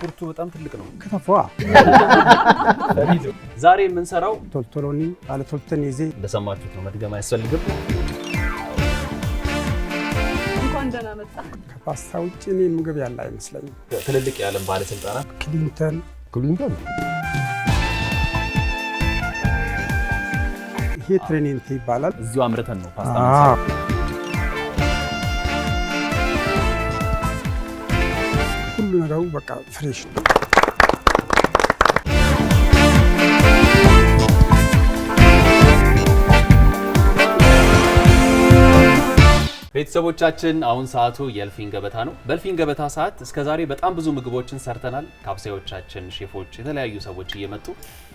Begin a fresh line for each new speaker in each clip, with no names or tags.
ሽንኩርቱ በጣም ትልቅ ነው። ከተፏ ዛሬ የምንሰራው
ቶልቶሎኒ አለ ቶልተን ይዜ
እንደሰማችሁት ነው፣ መድገም አያስፈልግም።
ከፓስታ ውጭ እኔ ምግብ ያለ አይመስለኝም።
ትልልቅ የዓለም ባለስልጣናት ክሊንተን ክሊንተን
ይሄ ትሬኒንት ይባላል።
እዚሁ አምርተን ነው ፓስታ
መጀመሪያው በቃ ፍሬሽ ነው።
ቤተሰቦቻችን አሁን ሰዓቱ የእልፍኝ ገበታ ነው። በእልፍኝ ገበታ ሰዓት እስከዛሬ በጣም ብዙ ምግቦችን ሰርተናል። ካብሳዮቻችን፣ ሼፎች፣ የተለያዩ ሰዎች እየመጡ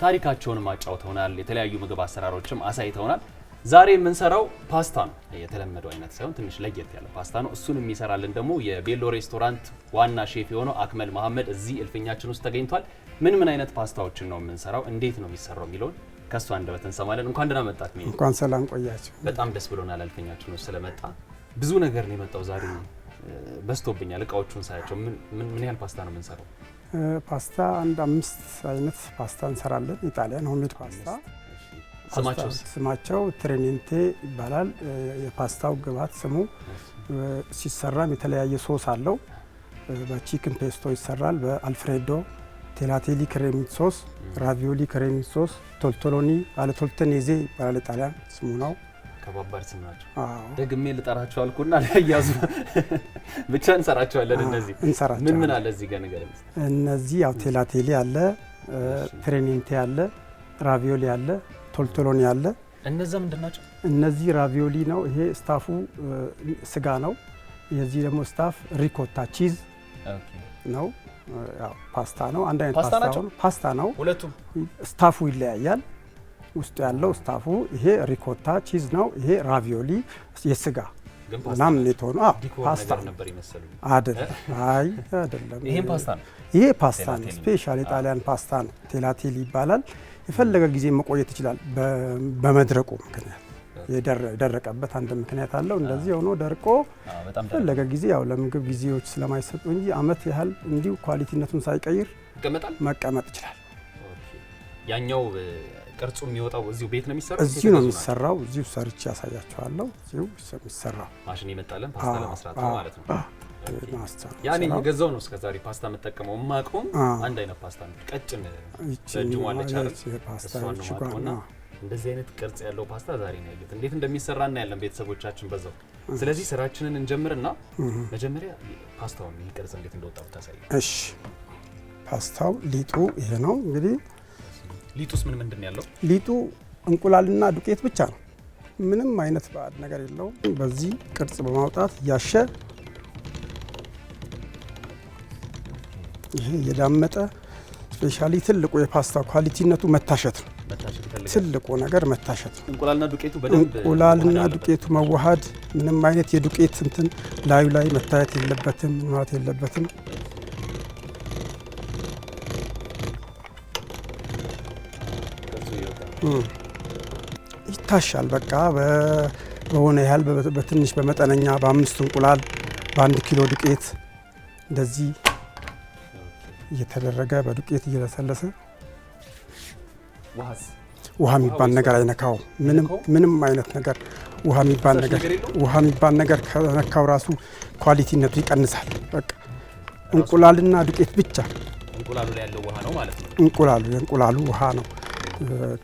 ታሪካቸውን አጫውተውናል። የተለያዩ ምግብ አሰራሮችም አሳይተውናል። ዛሬ የምንሰራው ፓስታ ነው። የተለመደው አይነት ሳይሆን ትንሽ ለየት ያለ ፓስታ ነው። እሱን የሚሰራልን ደግሞ የቤሎ ሬስቶራንት ዋና ሼፍ የሆነው አክመል መሐመድ እዚህ እልፍኛችን ውስጥ ተገኝቷል። ምን ምን አይነት ፓስታዎችን ነው የምንሰራው፣ እንዴት ነው የሚሰራው የሚለውን ከእሱ አንደበት እንሰማለን። እንኳን ደህና መጣት።
እንኳን ሰላም ቆያችሁ።
በጣም ደስ ብሎናል እልፍኛችን ውስጥ ስለመጣ። ብዙ ነገር ነው የመጣው ዛሬ በዝቶብኛል። እቃዎቹን ሳያቸው ምን ያህል ፓስታ ነው የምንሰራው?
ፓስታ አንድ አምስት አይነት ፓስታ እንሰራለን። ኢጣሊያን ሆምሜድ ፓስታ ስማቸው ትሬኒንቴ ይባላል። የፓስታው ግብዓት ስሙ ሲሰራም የተለያየ ሶስ አለው። በቺክን ፔስቶ ይሰራል። በአልፍሬዶ ቴላቴሊ ክሬሚት ሶስ፣ ራቪዮሊ ክሬሚት ሶስ፣ ቶልቶሎኒ አለቶልተኔዜ ይባላል። ጣሊያን ስሙ ነው።
ከባባድ ስም ናቸው። ደግሜ ልጠራቸው አልኩና ያዙ። ብቻ እንሰራቸዋለን። እነዚህ ምን ምን አለ እዚህ ጋር ነገር
እነዚህ ያው ቴላቴሊ አለ፣ ትሬኒንቴ አለ፣ ራቪዮሊ አለ ቶልቶሎን ያለ።
እነዛ ምንድን ናቸው?
እነዚህ ራቪዮሊ ነው። ይሄ ስታፉ ስጋ ነው። የዚህ ደግሞ ስታፍ ሪኮታ ቺዝ ነው። ፓስታ ነው። አንድ አይነት ፓስታ ነው።
ፓስታ ነው። ሁለቱም
ስታፉ ይለያያል። ውስጡ ያለው ስታፉ ይሄ ሪኮታ ቺዝ ነው። ይሄ ራቪዮሊ የስጋ
ምናምን የተሆኑ ፓስታ ነበር
አይደለም። አይ አይደለም። ይሄ ፓስታ ነው። ስፔሻል የጣሊያን ፓስታ ነው። ቴላቴል ይባላል። የፈለገ ጊዜ መቆየት ይችላል። በመድረቁ ምክንያት የደረቀበት አንድ ምክንያት አለው። እንደዚህ ሆኖ ደርቆ የፈለገ ጊዜ ያው ለምግብ ጊዜዎች ስለማይሰጡ እንጂ አመት ያህል እንዲሁ ኳሊቲነቱን ሳይቀይር መቀመጥ ይችላል።
ያኛው ቅርጹ የሚወጣው እዚሁ ቤት ነው የሚሰራው።
እዚሁ ነው የሚሰራው። እዚሁ ሰርቼ ያሳያችኋለሁ። እዚሁ የሚሰራው
ማሽን የመጣለን ፓስታ ለመስራት ማለት ነው። ማስታ ያኔ የገዛው ነው። እስከዛሬ ፓስታ የምጠቀመው የማውቀውም አንድ አይነት ፓስታ ቀጭን ጅማለች ፓስታችና እንደዚህ አይነት ቅርጽ ያለው ፓስታ ዛሬ ነው ያየሁት። እንዴት እንደሚሰራ እናያለን ቤተሰቦቻችን በዛው። ስለዚህ ስራችንን እንጀምርና መጀመሪያ ፓስታውን ይህ ቅርጽ እንዴት እንደወጣ ብታሳይ።
እሺ ፓስታው ሊጡ ይሄ ነው እንግዲህ።
ሊጡስ ምን ምንድን ያለው?
ሊጡ እንቁላልና ዱቄት ብቻ ነው። ምንም አይነት ባዕድ ነገር የለውም። በዚህ ቅርጽ በማውጣት ያሸ? ይሄ የዳመጠ ስፔሻሊ ትልቁ የፓስታ ኳሊቲነቱ መታሸት ነው። ትልቁ ነገር መታሸት ነው። እንቁላልና ዱቄቱ መዋሃድ፣ ምንም አይነት የዱቄት እንትን ላዩ ላይ መታየት የለበትም ማለት የለበትም። ይታሻል። በቃ በሆነ ያህል በትንሽ በመጠነኛ በአምስት እንቁላል በአንድ ኪሎ ዱቄት እንደዚህ እየተደረገ በዱቄት እየተሰለሰ ውሃ የሚባል ነገር አይነካው። ምንም አይነት ነገር ውሃ የሚባል ነገር ውሃ የሚባል ነገር ከነካው ራሱ ኳሊቲነቱ ይቀንሳል። በቃ እንቁላልና ዱቄት ብቻ እንቁላሉ የእንቁላሉ ውሃ ነው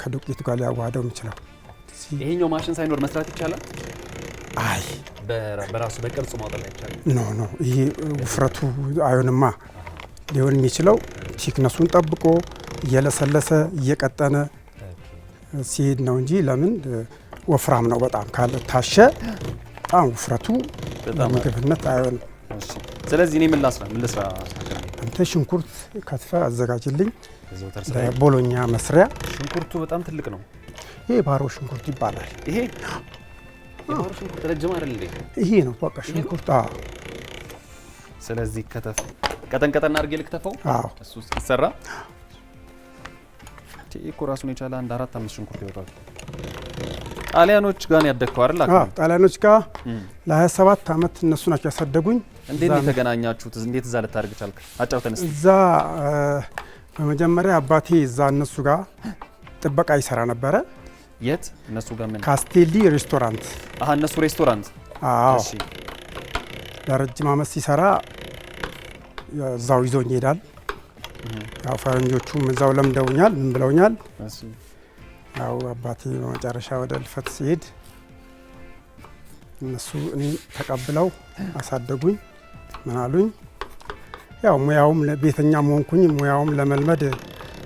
ከዱቄቱ ጋር ሊያዋህደው የሚችለው።
ይሄኛው ማሽን ሳይኖር መስራት ይቻላል። አይ በራሱ በቅርጽ ማውጣት ይቻላል።
ኖ ኖ ይሄ ውፍረቱ አይሆንማ ሊሆን የሚችለው ቲክነሱን ጠብቆ እየለሰለሰ እየቀጠነ ሲሄድ ነው እንጂ ለምን ወፍራም ነው በጣም ካልታሸ በጣም ውፍረቱ ምግብነት አይሆንም።
ስለዚህ እኔ ምን ላስራ ምን ልስራ
አንተ ሽንኩርት ከትፈ አዘጋጅልኝ ቦሎኛ መስሪያ።
ሽንኩርቱ በጣም ትልቅ ነው።
ይሄ ባሮ ሽንኩርት ይባላል።
ይሄ ሽንኩርት ረጅም አይደል?
ይሄ ነው በቃ ሽንኩርት።
ስለዚህ ከተፍ ቀጠን ቀጠን አድርጌ ልክተፈው። እሱ እስኪሰራ እኮ ራሱን የቻለ አንድ አራት አምስት ሽንኩርት ይወጣል። ጣሊያኖች ጋር ያደግከው አይደል?
ጣሊያኖች ጋር ለ27 ዓመት እነሱ ናቸው ያሳደጉኝ።
እንዴት የተገናኛችሁት? እንዴት እዛ ልታደርግ ቻልክ? አጫውተን እስኪ።
እዛ በመጀመሪያ አባቴ እዛ እነሱ ጋር ጥበቃ ይሰራ ነበረ።
የት እነሱ ጋር? ምን
ካስቴሊ ሬስቶራንት።
አሀ እነሱ ሬስቶራንት።
አዎ ለረጅም ዓመት ሲሰራ እዛው ይዞኝ ይሄዳል። ያው ፈረንጆቹም እዛው ለምደውኛል፣ ምን ብለውኛል። ያው አባቴ በመጨረሻ ወደ እልፈት ሲሄድ እነሱ እኔ ተቀብለው አሳደጉኝ። ምን አሉኝ? ያው ሙያውም ቤተኛ መሆንኩኝ ሙያውም ለመልመድ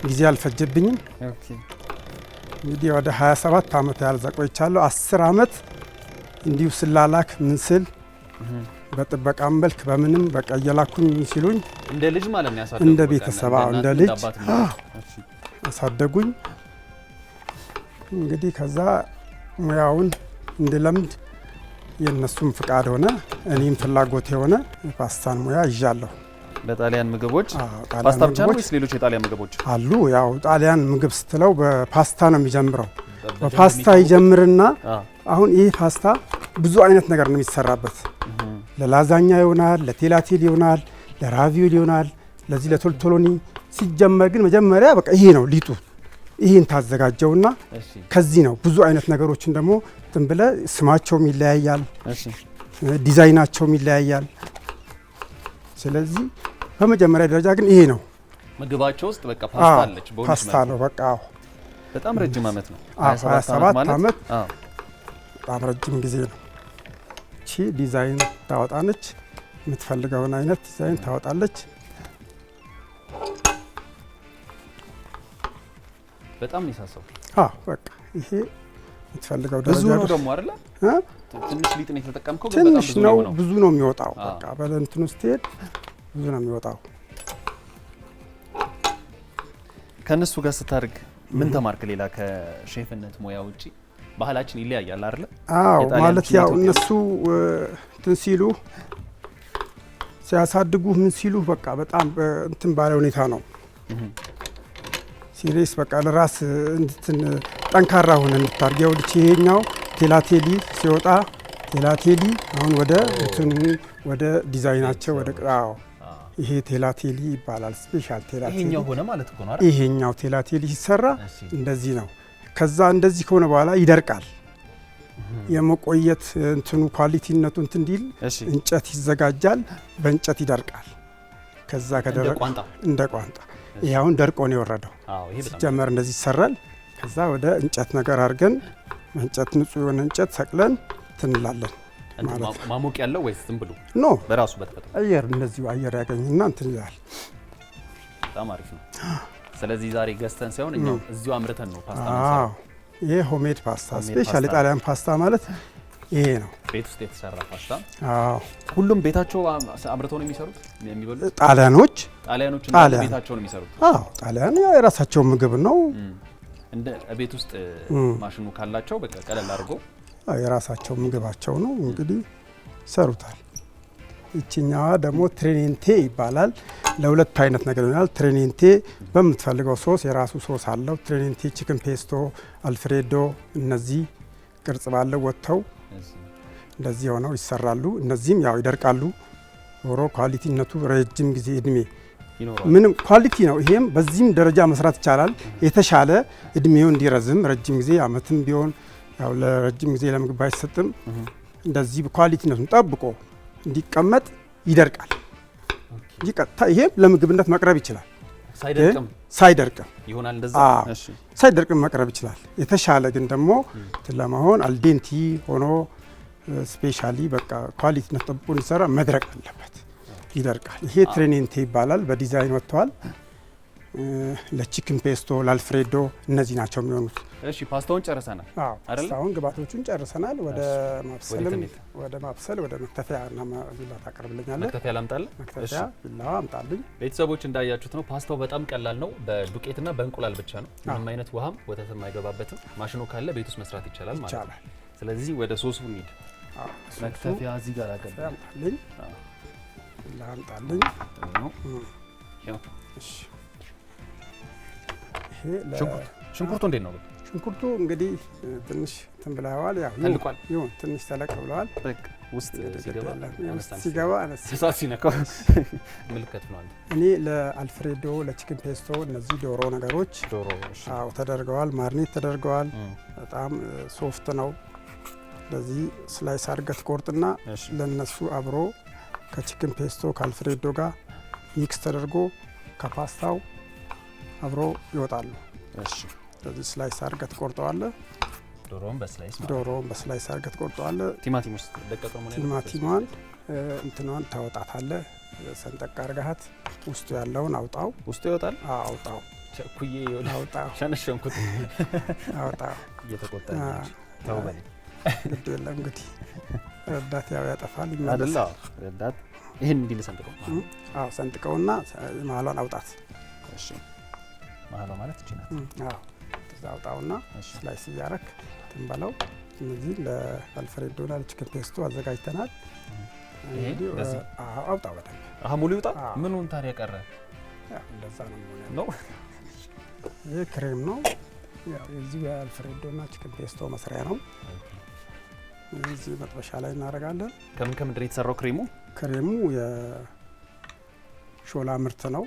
ጊዜ አልፈጀብኝም። እንግዲህ ወደ 27 ዓመት ያህል ቆይቻለሁ። 10 ዓመት እንዲሁ ስላላክ ምን ስል በጥበቃም መልክ በምንም በቃ እየላኩኝ ሲሉኝ
እንደ ልጅ ማለት ነው ያሳደጉኝ፣
እንደ ቤተሰብ እንደ ልጅ አሳደጉኝ። እንግዲህ ከዛ ሙያውን እንድለምድ የእነሱም ፍቃድ ሆነ፣ እኔም ፍላጎት የሆነ የፓስታን ሙያ ይዣለሁ።
በጣሊያን ምግቦች ፓስታ ብቻ ነው ወይስ ሌሎች የጣሊያን ምግቦች
አሉ? ያው ጣሊያን ምግብ ስትለው በፓስታ ነው የሚጀምረው። በፓስታ ይጀምርና አሁን ይህ ፓስታ ብዙ አይነት ነገር ነው የሚሰራበት ለላዛኛ ይሆናል፣ ለቴላቴል ይሆናል፣ ለራቪዮል ይሆናል፣ ለዚህ ለቶልቶሎኒ ሲጀመር ግን መጀመሪያ በቃ ይሄ ነው ሊጡ። ይህን ታዘጋጀውና ከዚህ ነው ብዙ አይነት ነገሮችን ደግሞ ዝም ብለህ ስማቸውም ይለያያል፣ ዲዛይናቸውም ይለያያል። ስለዚህ በመጀመሪያ ደረጃ ግን ይሄ ነው
ምግባቸው ውስጥ በቃ ፓስታ አለች፣
ፓስታ ነው በቃ።
በጣም ረጅም አመት ነው
27 አመት፣ በጣም ረጅም ጊዜ ነው። እቺ ዲዛይን ታወጣለች። የምትፈልገውን አይነት ዲዛይን ታወጣለች።
በጣም ይሳሰው።
አዎ በቃ ይሄ የምትፈልገው
ደረጃ ነው ደግሞ አይደለ? ትንሽ ሊጥ ነው የተጠቀምከው፣
ግን በጣም ብዙ ነው ብዙ ነው የሚወጣው። በቃ በለንትኑ ስትሄድ ብዙ ነው የሚወጣው።
ከእነሱ ጋር ስታርግ ምን ተማርክ ሌላ ከሼፍነት ሙያ ውጪ? ባህላችን ይለያያል አይደለ?
አዎ ማለት ያው እነሱ እንትን ሲሉ ሲያሳድጉ ምን ሲሉ በቃ በጣም እንትን ባለ ሁኔታ ነው ሲሪየስ በቃ ለራስ እንትን ጠንካራ ሆነ እንድታርገው ልጅ ይሄኛው ቴላቴሊ ሲወጣ ቴላቴሊ አሁን ወደ እንትኑ ወደ ዲዛይናቸው ወደ ቅጣው ይሄ ቴላቴሊ ይባላል። ስፔሻል
ቴላቴሊ ይሄኛው ሆነ ማለት እኮ ነው።
ይሄኛው ቴላቴሊ ሲሰራ እንደዚህ ነው። ከዛ እንደዚህ ከሆነ በኋላ ይደርቃል። የመቆየት እንትኑ ኳሊቲነቱ እንትን እንዲል እንጨት ይዘጋጃል፣ በእንጨት ይደርቃል። ከዛ ከደረቀ እንደ ቋንጣ ይሄ አሁን ደርቆ ነው የወረደው። ሲጀመር እንደዚህ ይሰራል። ከዛ ወደ እንጨት ነገር አድርገን እንጨት ንጹህ የሆነ እንጨት ሰቅለን ትንላለን
ማሞቅ ያለው ወይስ ዝም ብሎ ኖ በራሱ በተፈጠረ
አየር እንደዚሁ አየር ያገኝና እንትን ይላል።
በጣም አሪፍ ነው። ስለዚህ ዛሬ ገዝተን ሳይሆን እኛው እዚሁ አምርተን ነው ፓስታ
ነው። ይሄ ሆሜድ ፓስታ ስፔሻል ጣሊያን ፓስታ ማለት ይሄ ነው።
ቤት ውስጥ የተሰራ ፓስታ። አዎ፣ ሁሉም ቤታቸው አምርተው ነው የሚሰሩት
የሚበሉት። ጣሊያኖች
ጣሊያኖች ቤታቸው ነው የሚሰሩት።
አዎ፣ ጣሊያን የራሳቸው ምግብ ነው።
እንደ ቤት ውስጥ ማሽኑ ካላቸው በቃ ቀለል አድርጎ
የራሳቸው ምግባቸው ነው እንግዲህ ይሰሩታል። ይችኛዋ ደግሞ ትሬኒንቴ ይባላል። ለሁለት አይነት ነገር ይሆናል። ትሬኒንቴ በምትፈልገው ሶስ የራሱ ሶስ አለው። ትሬኒንቴ ቺክን ፔስቶ፣ አልፍሬዶ እነዚህ ቅርጽ ባለው ወጥተው እንደዚህ ሆነው ይሰራሉ። እነዚህም ያው ይደርቃሉ። ሮ ኳሊቲነቱ ረጅም ጊዜ እድሜ ምንም ኳሊቲ ነው። ይሄም በዚህም ደረጃ መስራት ይቻላል። የተሻለ እድሜው እንዲረዝም ረጅም ጊዜ አመትም ቢሆን ያው ለረጅም ጊዜ ለምግብ አይሰጥም። እንደዚህ ኳሊቲነቱን ጠብቆ እንዲቀመጥ ይደርቃል። ይሄም ለምግብነት መቅረብ ይችላል። ሳይደርቅም ይሆናል እንደዛ። ሳይደርቅም መቅረብ ይችላል። የተሻለ ግን ደግሞ ለመሆን አልዴንቲ ሆኖ ስፔሻሊ በቃ ኳሊቲነት ጠብቆ እንዲሰራ መድረቅ አለበት። ይደርቃል። ይሄ ትሬኔንቴ ይባላል። በዲዛይን ወጥተዋል። ለቺክን ፔስቶ፣ ለአልፍሬዶ እነዚህ ናቸው የሚሆኑት።
እሺ ፓስታውን ጨርሰናል
አይደል? አሁን ግብአቶቹን ጨርሰናል። ወደ ማብሰልም ወደ ማብሰል ወደ መክተፊያ እና ቢላ
ታቀርብልኛለህ። መክተፊያ ላምጣልህ?
መክተፊያ ቢላ አምጣልኝ።
ቤተሰቦች እንዳያችሁት ነው ፓስታው በጣም ቀላል ነው። በዱቄትና በእንቁላል ብቻ ነው። ምንም አይነት ውሃም ወተትም አይገባበትም። ማሽኑ ካለ ቤት ውስጥ መስራት ይቻላል ማለት ነው። ስለዚህ ወደ ሶሱ እንሂድ። መክተፊያ እዚህ ጋር
አምጣልኝ። ቢላ አምጣልኝ።
እሺ ሽንኩርቱ እንዴት ነው?
ሽንኩርቱ እንግዲህ ትንሽ ትንብላዋል ያው ተልቋል። ይሁን ትንሽ ተለቅ ብለዋል። ውስጥ ሲገባ
ሳት ሲነካ ምልክት ነው።
እኔ ለአልፍሬዶ ለችክን ፔስቶ እነዚህ ዶሮ ነገሮች አዎ ተደርገዋል፣ ማርኔት ተደርገዋል። በጣም ሶፍት ነው። ለዚህ ስላይስ አድርገት ቆርጥና ለነሱ አብሮ ከችክን ፔስቶ ከአልፍሬዶ ጋር ሚክስ ተደርጎ ከፓስታው አብሮ ይወጣሉ። እሺ፣ ስለዚህ ስላይስ አድርገህ ትቆርጠዋለህ።
ዶሮውን በስላይስ
በስላይስ አድርገህ ትቆርጠዋለህ። ቲማቲሟን እንትኗን ታወጣታለህ። ሰንጠቅ አድርገሃት ውስጡ ያለውን አውጣው። ውስጡ ይወጣል። አውጣው ቸኩዬ አውጣው። ሸነሸንኩት። አውጣው።
እየተቆጣ ተው በል
ግድ የለም እንግዲህ ረዳት ያው ያጠፋል
ይመለሳል። ረዳት ይህን እንዲል ሰንጥቀው፣
አዎ ሰንጥቀውና መሀሏን አውጣት። እሺ
ባህሏ ማለት እቺ ናት።
ከዛ አውጣውና ስላይስ እያረክ ትንበለው። እነዚህ ለአልፍሬዶና ለችክን ፔስቶ አዘጋጅተናል። አውጣው አውጣ በጣም
ሙሉ ይውጣ። ምኑን ታዲያ ቀረ? እንደዛ ነው። ነው።
ይህ ክሬም ነው የዚህ የአልፍሬዶና ችክን ፔስቶ መስሪያ ነው። እዚህ መጥበሻ ላይ እናደርጋለን።
ከምን ከምንድን ነው የተሰራው ክሬሙ?
ክሬሙ የሾላ ምርት ነው።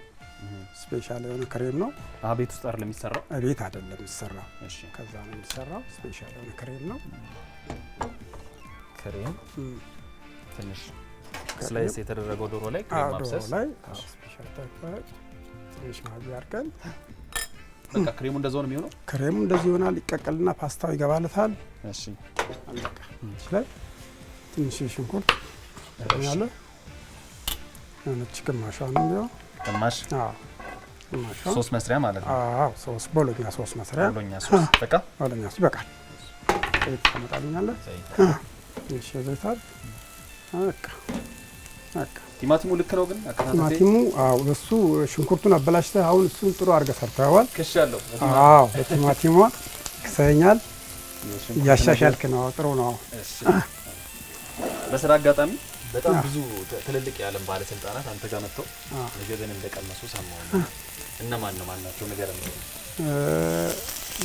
ስፔሻል የሆነ ክሬም ነው።
ቤት ውስጥ አይደለም የሚሰራው፣
ቤት አይደለም የሚሰራው፣ ከዛ ነው የሚሰራው። ስፔሻል የሆነ ክሬም ነው።
ክሬም ትንሽ ስላይስ የተደረገው ዶሮ ላይ
ክሬም ማብሰስ ላይ ስፔሻል ተፈጭ ትንሽ ማዚ አድርገን
በቃ ክሬሙ እንደዛው ነው የሚሆነው።
ክሬሙ እንደዚህ ይሆናል። ይቀቀልና ፓስታው ይገባልታል። እሺ፣ ላይ ትንሽ ሽንኩርት ያለ ነጭ ግማሿን ነው
ግማሽ ሶስት መስሪያ ማለት
ነው። ሶስት ቦሎኛ ሶስት መስሪያ
ቦሎኛ ሶስት በቃ ቦሎኛ ሶስት ይበቃል።
ዘይት ታመጣልኛለህ? እሺ ዘይት አይደል? በቃ
ቲማቲሙ ልክ ነው ግን
አከታተል። ቲማቲሙ አዎ፣ እሱ ሽንኩርቱን አበላሽተህ አሁን እሱን ጥሩ አድርገህ ሰርተዋል። ክሽ ያለው አዎ፣ ቲማቲሙ ክሰኛል። እያሻሻልክ ነው። ጥሩ ነው።
በስራ አጋጣሚ በጣም ብዙ ትልልቅ የዓለም ባለስልጣናት አንተ ጋር መጥተው ምግብን እንደቀመሱ ሰማሁ። እነማን ነው ማናቸው? ነገር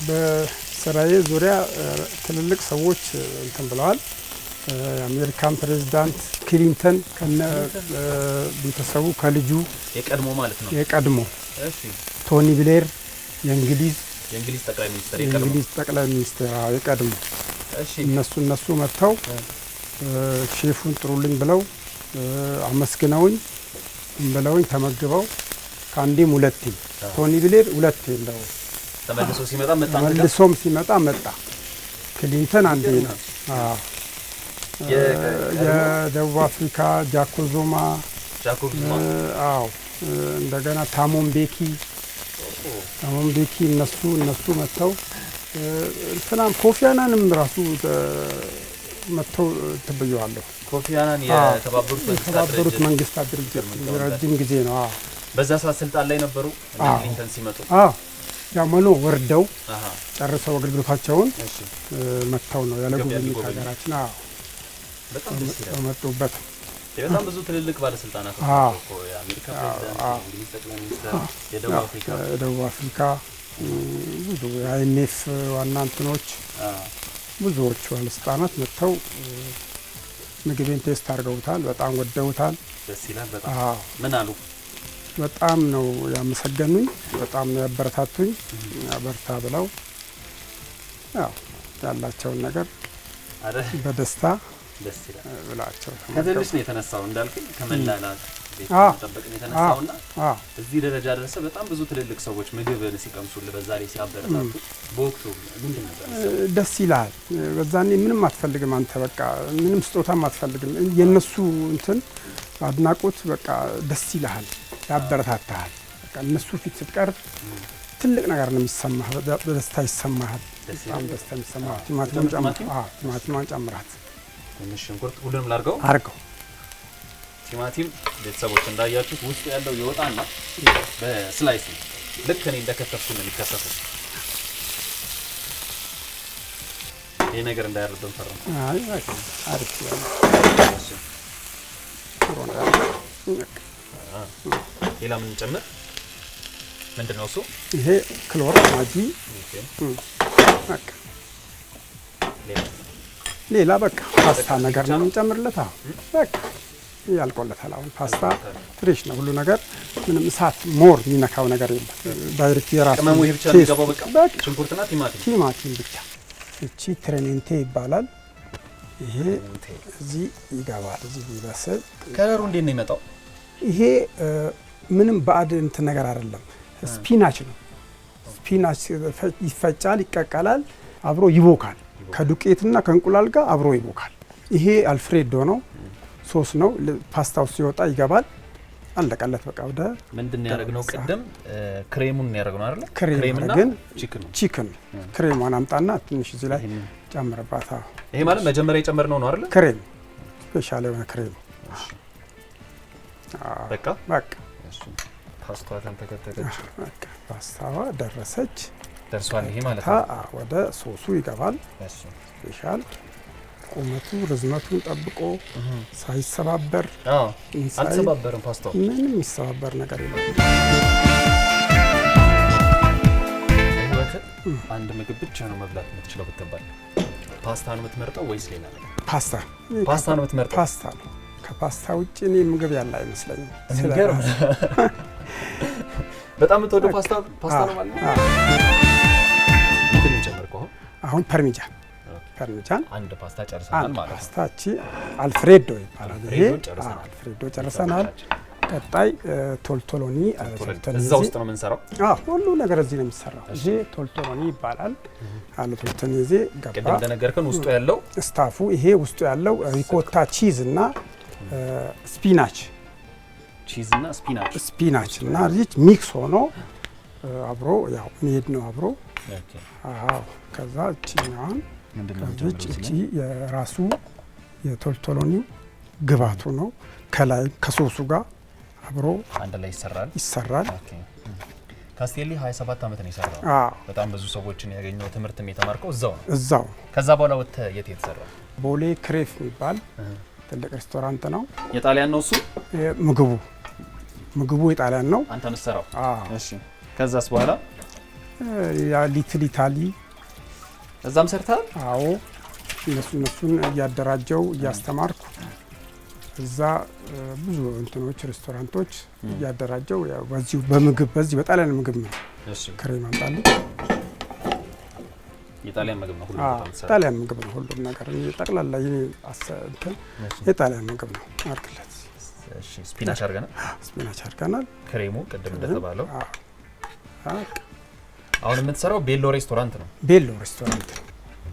በስራዬ ዙሪያ ትልልቅ ሰዎች እንትን ብለዋል። የአሜሪካን ፕሬዚዳንት ክሊንተን ከነ ቤተሰቡ ከልጁ
የቀድሞ ማለት ነው
የቀድሞ ቶኒ ብሌር የእንግሊዝ የእንግሊዝ ጠቅላይ ሚኒስትር የቀድሞ እነሱ እነሱ መጥተው ሼፉን ጥሩልኝ ብለው አመስግነውኝ ብለውኝ ተመግበው ከአንዴም ሁለቴ ቶኒ ብሌድ ሁለቴ እንደው መልሶም ሲመጣ መጣ። ክሊንተን አንዴ ነው። የደቡብ አፍሪካ ጃኮዞማ አዎ እንደገና ታሞን ቤኪ ታሞን ቤኪ እነሱ እነሱ መጥተው እንትናም ኮፊያናንም ራሱ መጥተው ተበየዋለሁ። ኮፊ አናን የተባበሩት መንግስታት ድርጅት ረጅም ጊዜ ነው።
በዛ ሰዓት ስልጣን ላይ ነበሩ። ክሊንተን ሲመጡ
ያመኑ ወርደው ጨርሰው አገልግሎታቸውን መጥተው ነው ያለ ጉብኝት ሀገራችን መጡበት።
በጣም ብዙ ትልልቅ ባለስልጣናት የደቡብ
አፍሪካ ብዙ የአይኤምኤፍ ዋና እንትኖች ብዙዎቹ ባለስልጣናት መጥተው ምግቤን ቴስት አድርገውታል። በጣም ወደውታል።
ደስ ይላል። በጣም ምን አሉ?
በጣም ነው ያመሰገኑኝ። በጣም ነው ያበረታቱኝ። በርታ ብለው ያላቸውን ነገር በደስታ ደስ ይላል ብላቸው
ከትንሽ ነው የተነሳው እንዳልኩኝ ከመላላት ቤትጠበቅን የተነሳውና እዚህ ደረጃ ደረሰ። በጣም ብዙ ትልልቅ ሰዎች ምግብ ሲቀምሱል፣ በዛ ላይ ሲያበረታቱ በወቅቱ
ደስ ይላል በዛኔ ምንም አትፈልግም አንተ በቃ ምንም ስጦታም አትፈልግም። የእነሱ እንትን አድናቆት በቃ ደስ ይልሃል፣ ያበረታታሃል። እነሱ ፊት ስትቀርብ ትልቅ ነገር ነው የሚሰማህ። በደስታ ይሰማሃል። በጣም ደስታ የሚሰማህ ቲማቲም ጨምራት፣
ትንሽ ሽንኩርት ሁሉንም ላድርገው አድርገው ቲማቲም ቤተሰቦች እንዳያችሁት ውስጡ ያለው ይወጣና በስላይስ ልክ እኔ እንደከተፍኩ ነው የሚከተፈው። ይሄ ነገር እንዳያርብን ፈራ። አይ አይ ሌላ ምን ጨምር? ምንድን ነው እሱ?
ይሄ ክሎር ማጂ። ሌላ በቃ ፓስታ ነገር ነው የምንጨምርለት። አሁን በቃ ያልቆለታል። አሁን ፓስታ ፍሬሽ ነው ሁሉ ነገር፣ ምንም እሳት ሞር የሚነካው ነገር የለም። ዳይሬክት የራሱ ቲማቲም ብቻ። እቺ ትሬኔንቴ ይባላል። ይሄ እዚህ ይገባል። እዚህ ይበስል።
ከለሩ እንዴት ነው ይመጣው?
ይሄ ምንም በአድ እንትን ነገር አይደለም። ስፒናች ነው። ስፒናች ይፈጫል፣ ይቀቀላል፣ አብሮ ይቦካል። ከዱቄትና ከእንቁላል ጋር አብሮ ይቦካል። ይሄ አልፍሬዶ ነው። ሶስ ነው። ፓስታው ሲወጣ ይገባል። አለቀለት በቃ። ወደ
ምንድን ነው ያደረግነው? ቅድም ክሬሙን ነው ያደረግነው አይደለ? ክሬም ግን
ቺክን ክሬሟን አምጣና ትንሽ እዚህ ላይ ጨምርባታ።
ይሄ ማለት መጀመሪያ የጨመርነው ነው አይደለ?
ክሬም ስፔሻል የሆነ ክሬም በቃ በቃ።
ፓስታዋ ተንተከተከች።
ፓስታዋ ደረሰች፣ ደርሷል። ይሄ ማለት ነው። ወደ ሶሱ ይገባል ስፔሻል ቁመቱ ርዝመቱን ጠብቆ ሳይሰባበር
አልሰባበርም። ፓስታው
ምንም የሚሰባበር ነገር የለም።
አንድ ምግብ ብቻ ነው መብላት የምትችለው ብትባል ፓስታ ነው የምትመርጠው ወይስ ሌላ? ፓስታ ፓስታ ነው የምትመርጠው?
ፓስታ ነው። ከፓስታ ውጭ እኔ ምግብ ያለ አይመስለኝም።
በጣም የምትወደው ፓስታ
ፓስታ ነው ማለት ነው። አሁን ፐርሚጃ ፐርሚጃን
አንድ ፓስታ ጨርሰናል
ማለት ነው። ፓስታ እቺ አልፍሬዶ ይባላል። ይሄ አልፍሬዶ ጨርሰናል። ቀጣይ ቶልቶሎኒ
እዛ ውስጥ ነው የምንሰራው።
ሁሉ ነገር እዚህ ነው የሚሰራው። ይሄ ቶልቶሎኒ ይባላል። አለ ቶልቶሎኒ ዜ
ገባ። ቅድም እንደነገርከን ውስጡ ያለው
ስታፉ ይሄ ውስጡ ያለው ሪኮታ ቺዝ እና ስፒናች
ቺዝ እና ስፒናች
ስፒናች እና ሪች ሚክስ ሆኖ አብሮ ያው መሄድ ነው አብሮ ከዛ እችኛዋን ከዚች እቺ የራሱ የቶልቶሎኒ ግባቱ ነው። ከላይ ከሶሱ ጋር አብሮ
አንድ ላይ ይሰራል ይሰራል። ካስቴሊ 27 ዓመት ነው የሰራው። በጣም ብዙ ሰዎችን ያገኘው ትምህርትም የተማርከው እዛው ነው እዛው። ከዛ በኋላ ወጥተህ የት የተሰራ?
ቦሌ ክሬፍ የሚባል ትልቅ ሬስቶራንት ነው። የጣሊያን ነው እሱ ምግቡ ምግቡ የጣሊያን ነው።
አንተ ነው ሰራው? እሺ። ከዛስ በኋላ
ያ ሊትል ኢታሊ እዛም ሰርተሃል? አዎ እነሱ እነሱን እያደራጀው እያስተማርኩ እዛ ብዙ እንትኖች ሬስቶራንቶች እያደራጀው በዚሁ በምግብ በዚህ በጣሊያን ምግብ ነው ክሬ አምጣል። ጣሊያን ምግብ ነው ሁሉም ነገር ጠቅላላ የጣሊያን ምግብ ነው አድርግለት። ስፒናች አርገናል፣ ስፒናች አርገናል።
ክሬሙ ቅድም እንደተባለው አሁን የምትሰራው ቤሎ ሬስቶራንት ነው።
ቤሎ ሬስቶራንት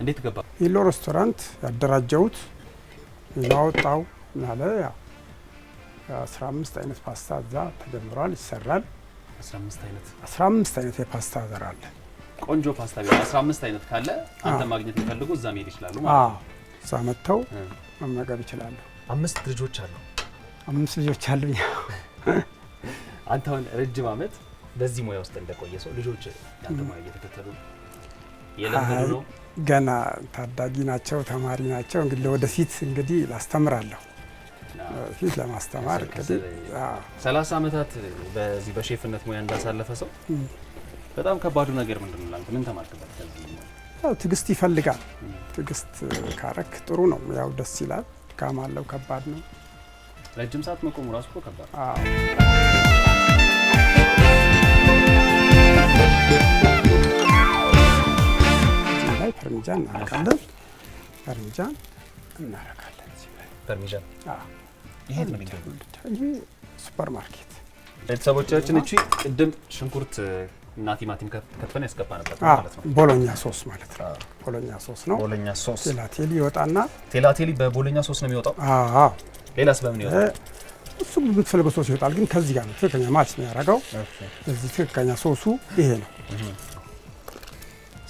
እንዴት ገባ? ቤሎ ሬስቶራንት ያደራጀሁት ያወጣው ናለ ያ 15 አይነት ፓስታ እዛ ተጀምሯል፣ ይሰራል።
15 አይነት
15 አይነት የፓስታ ዘር
ቆንጆ ፓስታ ቢሆን 15 አይነት ካለ አንተ ማግኘት የሚፈልጉ እዛ መሄድ ይችላሉ
ማለት ነው። እዛ መጥተው መመገብ ይችላሉ።
አምስት ልጆች አሉ።
አምስት ልጆች አሉ።
አንተ አሁን ረጅም አመት በዚህ ሙያ ውስጥ እንደቆየ ሰው ልጆች ያንተ ሙያ እየተከተሉ ነው?
ገና ታዳጊ ናቸው፣ ተማሪ ናቸው። እንግዲህ ለወደፊት እንግዲህ ላስተምራለሁ ፊት ለማስተማር
ሰላሳ ዓመታት በዚህ በሼፍነት ሙያ እንዳሳለፈ ሰው በጣም ከባዱ ነገር ምንድን ነው? ምን ተማርክበት?
ያው ትዕግስት ይፈልጋል። ትዕግስት ካረክ ጥሩ ነው። ያው ደስ ይላል። ካማለው ከባድ ነው። ረጅም ሰዓት መቆሙ ራሱ ከባድ ነው። እዚህ ላይ ፐርሚጃን እናረጋለን። ፐርሚጃን እናረጋለን። እዚህ ላይ ፐርሚጃን። አዎ፣ ይሄ ሱፐር ማርኬት ቤተሰቦቻችን እቺ ቅድም ሽንኩርት እና ቲማቲም ከፈን ያስገባ ነበር ማለት ነው። ቦሎኛ ሶስ ማለት ነው። ቦሎኛ ሶስ ነው። ቦሎኛ ሶስ ቴላቴሊ ይወጣና ቴላቴሊ በቦሎኛ ሶስ ነው የሚወጣው። አዎ። ሌላስ በምን ይወጣል? እሱ የምትፈልገው ሶስ ይወጣል። ግን ከዚህ ጋር ነው ትክክለኛ ማች ነው ያደረገው። እዚህ ትክክለኛ ሶሱ ይሄ ነው።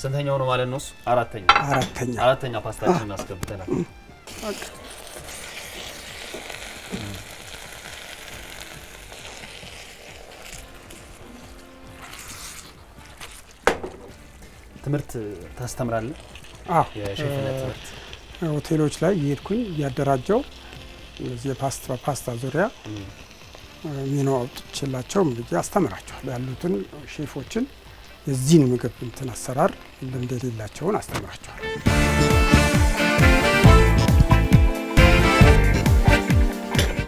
ስንተኛው ነው ማለት ነው? አራተኛ አራተኛ አራተኛ ፓስታችን እናስገብተናል። ትምህርት ታስተምራለህ? አዎ ትምህርት ሆቴሎች ላይ እየሄድኩኝ እያደራጀው የፓስት በፓስታ ዙሪያ ሚና አውጥቼላቸው ብዬ አስተምራቸዋል። ያሉትን ሼፎችን የዚህን ምግብ እንትን አሰራር ልምድ የሌላቸውን አስተምራቸዋል።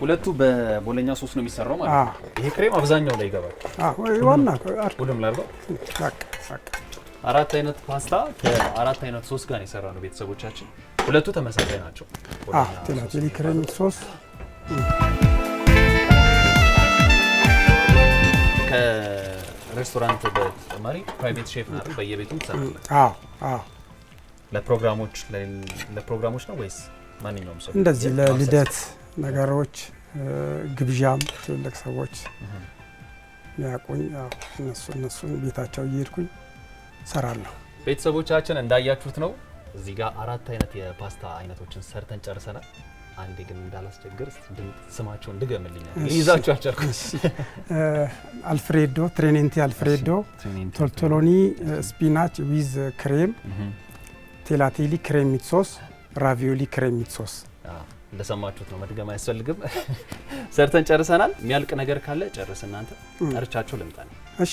ሁለቱ በቦለኛ ሶስ ነው የሚሰራው ማለት ነው። ይሄ ክሬም አብዛኛው ላይ ይገባል። ዋና ሁሉም ላርገው አራት አይነት ፓስታ ከአራት አይነት ሶስት ጋር የሰራ ነው ቤተሰቦቻችን ሁለቱ ተመሳሳይ ናቸው። ቴናቴል ሶስ ከሬስቶራንት በተጨማሪ ፕራይቬት ሼፍ ና በየቤቱ ትሰራለህ? ለፕሮግራሞች ለፕሮግራሞች ነው ወይስ ማንኛውም ሰው እንደዚህ ለልደት ነገሮች ግብዣም ትልቅ ሰዎች ሚያቁኝ እነሱ እነሱን ቤታቸው እየሄድኩኝ ሰራለሁ። ቤተሰቦቻችን እንዳያችሁት ነው እዚህ ጋር አራት አይነት የፓስታ አይነቶችን ሰርተን ጨርሰናል። አንዴ ግን እንዳላስቸግር ስማቸውን ድገምልኛል ይዛችሁ አልቻልኩም። አልፍሬዶ ትሬኔንቲ፣ አልፍሬዶ ቶልቶሎኒ፣ ስፒናች ዊዝ ክሬም፣ ቴላቴሊ ክሬሚት ሶስ፣ ራቪዮሊ ክሬሚት ሶስ። እንደሰማችሁት ነው፣ መድገም አያስፈልግም። ሰርተን ጨርሰናል። የሚያልቅ ነገር ካለ ጨርስ እናንተ። ጠርቻቸው ልምጣ ነው። እሺ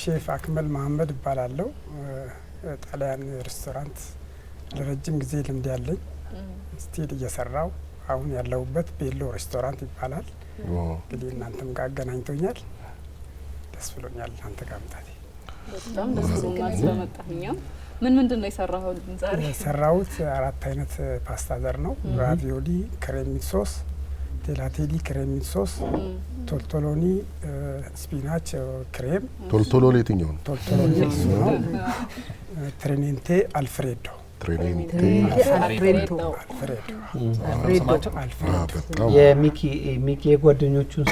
ሼፍ አክመል መሀመድ እባላለሁ። ጣሊያን ሬስቶራንት ለረጅም ጊዜ ልምድ ያለኝ ስቲል እየሰራው አሁን ያለሁበት ቤሎ ሬስቶራንት ይባላል። እንግዲህ እናንተም ጋር አገናኝቶኛል፣ ደስ ብሎኛል። እናንተ ጋር መምጣቴ በጣም ደስ ብሎኛል ምን ምንድን ነው የሰራሁት? ዛሬ የሰራሁት አራት አይነት ፓስታ ዘር ነው፣ ራቪዮሊ፣ ክሬሚ ሶስ ቴላቴሊ ክሬሚት ሶስ፣ ቶልቶሎኒ ስፒናች ክሬም። ቶልቶሎኒ የትኛው ነው? ቶልቶሎኒ እሱ ነው። ትሬኔንቴ አልፍሬዶ የሚኪ የጓደኞቹን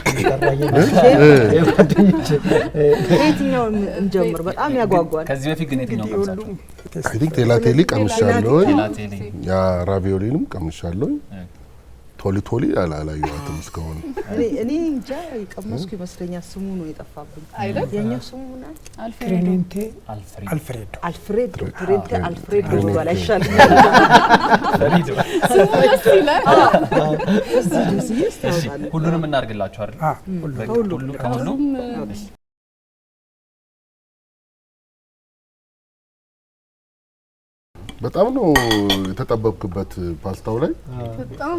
የትኛውን እንጀምር? በጣም ያጓጓል። ከዚህ በፊት ግን የትኛው ቴላቴሊ ቀምሻለሁኝ፣ ራቪዮሊንም ቀምሻለሁኝ። ቶሊ ቶሊ አላየኋትም እስካሁን። እኔ እንጃ የቀመስኩ ይመስለኛል። ስሙ ነው የጠፋብኝ። የኛው ስሙ ትሬንቴ አልፍሬዶ አልፍሬዶ ትሬንቴ አልፍሬዶ ይባላል። ይሻላል። ሁሉንም እናድርግላችሁ አይደል? ከሁሉም በጣም ነው የተጠበብክበት ፓስታው ላይ በጣም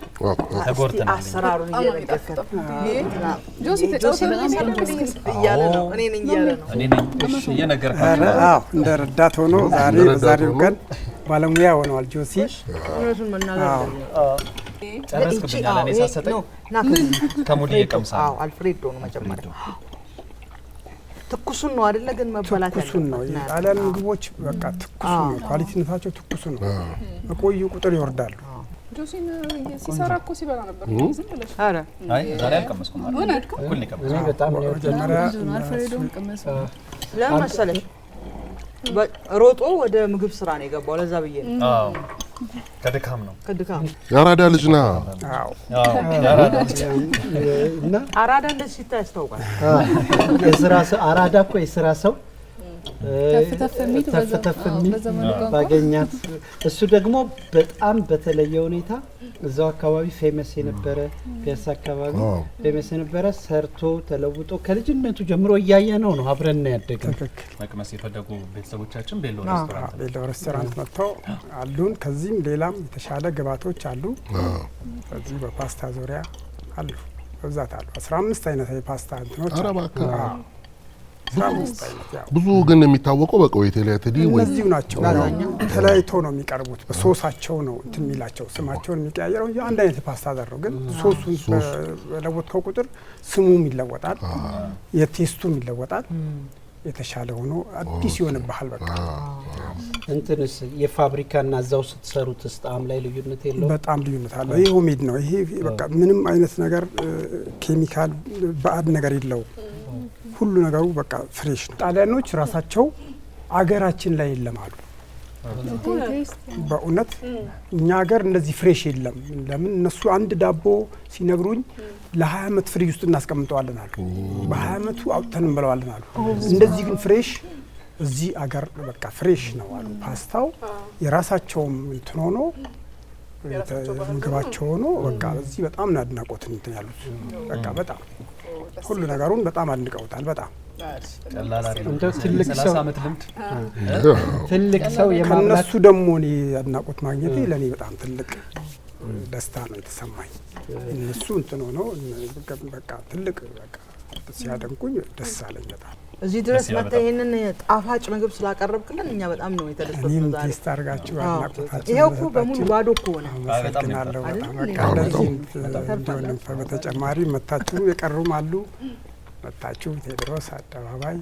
አሰራሩን እንደ ረዳት ሆኖ ዛሬ በዛሬው ቀን ባለሙያ ሆነዋል። ጆሲ ትኩሱን ነው አይደለ? ግን መበላት ትኩሱን ነው። የጣሊያን ምግቦች በቃ ትኩሱ ነው፣ ትኩሱ ነው። በቆዩ ቁጥር ይወርዳሉ። ሮጦ ወደ ምግብ ስራ ነው የገባው። ለዛ ብዬ ነው። ከድካም ነው የአራዳ ልጅ ነህ። አራዳ እንደዚህ ሲታይ ያስታውቃል። የስራ አራዳ እኮ የስራ ሰው ተፍተፍ ባገኛት እሱ ደግሞ በጣም በተለየ ሁኔታ እዛው አካባቢ ፌመስ የነበረ ፒያሳ አካባቢ ፌመስ የነበረ ሰርቶ ተለውጦ ከልጅነቱ ጀምሮ እያየ ነው ነው አብረን ያደግን። መቅመስ የፈለጉ ቤተሰቦቻችን ቤሎ ሬስቶራንት ቤሎ ሬስቶራንት መጥተው አሉን። ከዚህም ሌላም የተሻለ ግባቶች አሉ። በዚህ በፓስታ ዙሪያ አሉ፣ በብዛት አሉ። አስራ አምስት አይነት የፓስታ እንትኖች ብዙ ግን የሚታወቀው በቃ ወይ ትዲ እነዚሁ ናቸው። ተለያይቶ ነው የሚቀርቡት። በሶሳቸው ነው እንትን የሚላቸው ስማቸውን የሚቀያየረው እንጂ አንድ አይነት ፓስታ ዘር ነው። ግን ሶሱን በለወጥከው ቁጥር ስሙም ይለወጣል፣ የቴስቱም ይለወጣል። የተሻለ ሆኖ አዲስ ይሆንብሃል። በቃ እንትንስ የፋብሪካና እዛው ስትሰሩት ጣዕም ላይ ልዩነት የለው? በጣም ልዩነት አለው። ይህ ሆሜድ ነው። ይሄ በቃ ምንም አይነት ነገር ኬሚካል በአድ ነገር የለው። ሁሉ ነገሩ በቃ ፍሬሽ ነው። ጣሊያኖች ራሳቸው አገራችን ላይ የለም አሉ። በእውነት እኛ ሀገር እንደዚህ ፍሬሽ የለም። ለምን እነሱ አንድ ዳቦ ሲነግሩኝ ለሀያ ዓመት ፍሪጅ ውስጥ እናስቀምጠዋለን አሉ በሀያ ዓመቱ አውጥተን እንበለዋለን አሉ። እንደዚህ ግን ፍሬሽ እዚህ አገር በቃ ፍሬሽ ነው አሉ። ፓስታው የራሳቸውም እንትን ሆኖ ምግባቸው ሆኖ በቃ እዚህ በጣም ነው አድናቆትን እንትን ያሉት። በቃ በጣም ሁሉ ነገሩን በጣም አድንቀውታል። በጣም ትልቅ ሰው ከእነሱ ደግሞ እኔ አድናቆት ማግኘት ለእኔ በጣም ትልቅ ደስታ ነው የተሰማኝ። እነሱ እንትን ሆነው በቃ ትልቅ በቃ ሲያደንቁኝ ደስ አለኝ በጣም። እዚህ ድረስ መጥተህ ይህንን ጣፋጭ ምግብ ስላቀረብክልን እኛ በጣም ነው የተደሰትኩት። ቴስት አድርጋችሁ አድናቆታችሁ ይኸው እኮ በሙሉ ባዶ እኮ ሆነ። አመሰግናለሁ በጣም በቃ እንደዚሁም በተጨማሪ መታችሁ የቀሩም አሉ መጣችሁ ቴድሮስ አደባባይ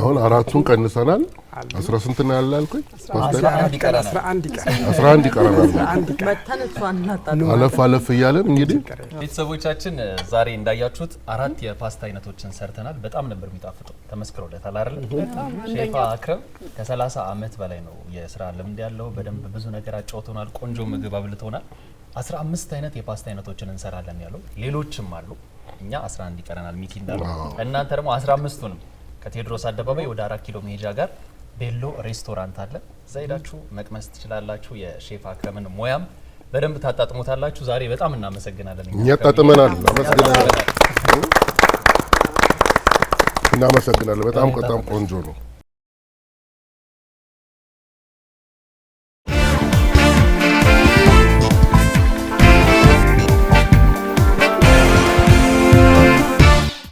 አሁን አራቱን ቀንሰናል። አስራ ስንት ነው ያለ አልኩኝ? አስራ አንድ ይቀረናል። አለፍ አለፍ እያለን እንግዲህ ቤተሰቦቻችን ዛሬ እንዳያችሁት አራት የፓስታ አይነቶችን ሰርተናል። በጣም ነበር የሚጣፍጠው፣ ተመስክሮለታል አይደል? ሼፋ አክረም ከሰላሳ አመት በላይ ነው የስራ ልምድ ያለው። በደንብ ብዙ ነገር አጫውቶናል። ቆንጆ ምግብ አብልቶናል። አስራ አምስት አይነት የፓስታ አይነቶችን እንሰራለን ያለው ሌሎችም አሉ። እኛ አስራ አንድ ይቀረናል ሚኪ እንዳሉ እናንተ ደግሞ አስራ ቱንም ከቴዎድሮስ አደባባይ ወደ አራት ኪሎ መሄጃ ጋር ቤሎ ሬስቶራንት አለ። እዛ ሄዳችሁ መቅመስ ትችላላችሁ። የሼፍ አክረምን ሙያም በደንብ ታጣጥሞታላችሁ። ዛሬ በጣም እናመሰግናለን። እኛ ጣጥመናል። አመሰግናለን። እናመሰግናለን። በጣም በጣም ቆንጆ ነው።